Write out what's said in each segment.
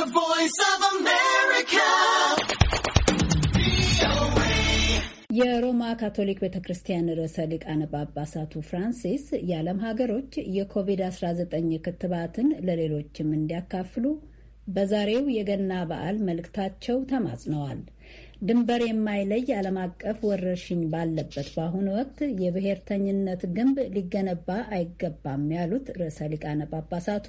The Voice of America. የሮማ ካቶሊክ ቤተ ክርስቲያን ርዕሰ ሊቃነ ጳጳሳቱ ፍራንሲስ የዓለም ሀገሮች የኮቪድ-19 ክትባትን ለሌሎችም እንዲያካፍሉ በዛሬው የገና በዓል መልእክታቸው ተማጽነዋል። ድንበር የማይለይ ዓለም አቀፍ ወረርሽኝ ባለበት በአሁኑ ወቅት የብሔርተኝነት ግንብ ሊገነባ አይገባም ያሉት ርዕሰ ሊቃነ ጳጳሳቱ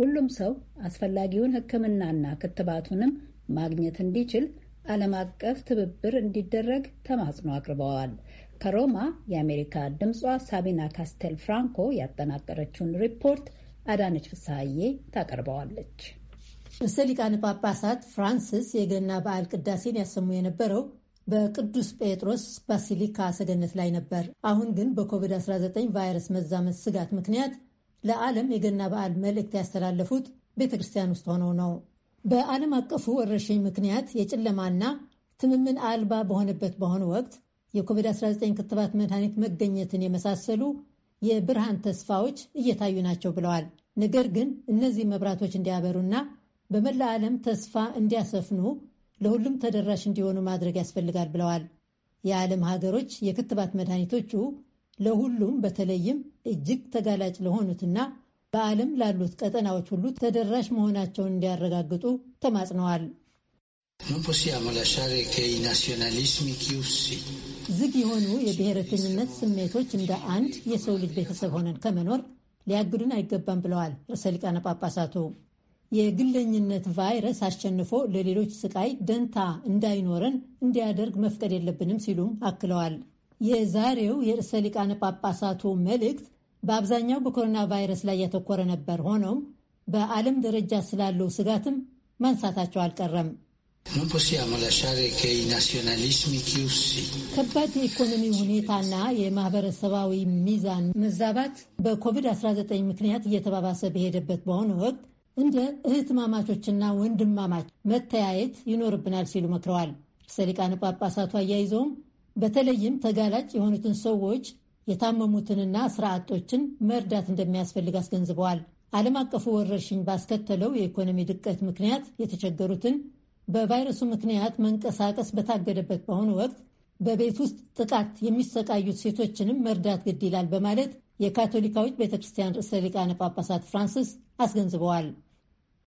ሁሉም ሰው አስፈላጊውን ሕክምናና ክትባቱንም ማግኘት እንዲችል ዓለም አቀፍ ትብብር እንዲደረግ ተማጽኖ አቅርበዋል። ከሮማ የአሜሪካ ድምጿ ሳቢና ካስቴል ፍራንኮ ያጠናቀረችውን ሪፖርት አዳነች ፍስሐዬ ታቀርበዋለች። ርዕሰ ሊቃነ ጳጳሳት ፍራንሲስ የገና በዓል ቅዳሴን ያሰሙ የነበረው በቅዱስ ጴጥሮስ ባሲሊካ ሰገነት ላይ ነበር። አሁን ግን በኮቪድ-19 ቫይረስ መዛመት ስጋት ምክንያት ለዓለም የገና በዓል መልእክት ያስተላለፉት ቤተ ክርስቲያን ውስጥ ሆነው ነው። በዓለም አቀፉ ወረርሽኝ ምክንያት የጨለማና ትምምን አልባ በሆነበት በአሁኑ ወቅት የኮቪድ-19 ክትባት መድኃኒት መገኘትን የመሳሰሉ የብርሃን ተስፋዎች እየታዩ ናቸው ብለዋል። ነገር ግን እነዚህ መብራቶች እንዲያበሩና በመላ ዓለም ተስፋ እንዲያሰፍኑ ለሁሉም ተደራሽ እንዲሆኑ ማድረግ ያስፈልጋል ብለዋል። የዓለም ሀገሮች የክትባት መድኃኒቶቹ ለሁሉም በተለይም እጅግ ተጋላጭ ለሆኑትና በዓለም ላሉት ቀጠናዎች ሁሉ ተደራሽ መሆናቸውን እንዲያረጋግጡ ተማጽነዋል። ዝግ የሆኑ የብሔረተኝነት ስሜቶች እንደ አንድ የሰው ልጅ ቤተሰብ ሆነን ከመኖር ሊያግዱን አይገባም ብለዋል ርዕሰ ሊቃነ ጳጳሳቱ። የግለኝነት ቫይረስ አሸንፎ ለሌሎች ስቃይ ደንታ እንዳይኖረን እንዲያደርግ መፍቀድ የለብንም ሲሉም አክለዋል። የዛሬው የርዕሰ ሊቃነ ጳጳሳቱ መልእክት በአብዛኛው በኮሮና ቫይረስ ላይ ያተኮረ ነበር። ሆኖም በዓለም ደረጃ ስላለው ስጋትም ማንሳታቸው አልቀረም። ከባድ የኢኮኖሚ ሁኔታና የማህበረሰባዊ ሚዛን መዛባት በኮቪድ-19 ምክንያት እየተባባሰ በሄደበት በአሁኑ ወቅት እንደ እህትማማቾችና ወንድማማች መተያየት ይኖርብናል ሲሉ መክረዋል። ርዕሰ ሊቃነ ጳጳሳቱ አያይዘውም በተለይም ተጋላጭ የሆኑትን ሰዎች የታመሙትንና ስራ አጦችን መርዳት እንደሚያስፈልግ አስገንዝበዋል። ዓለም አቀፉ ወረርሽኝ ባስከተለው የኢኮኖሚ ድቀት ምክንያት የተቸገሩትን በቫይረሱ ምክንያት መንቀሳቀስ በታገደበት በአሁኑ ወቅት በቤት ውስጥ ጥቃት የሚሰቃዩት ሴቶችንም መርዳት ግድ ይላል በማለት የካቶሊካዊት ቤተክርስቲያን ርዕሰ ሊቃነ ጳጳሳት ፍራንሲስ አስገንዝበዋል።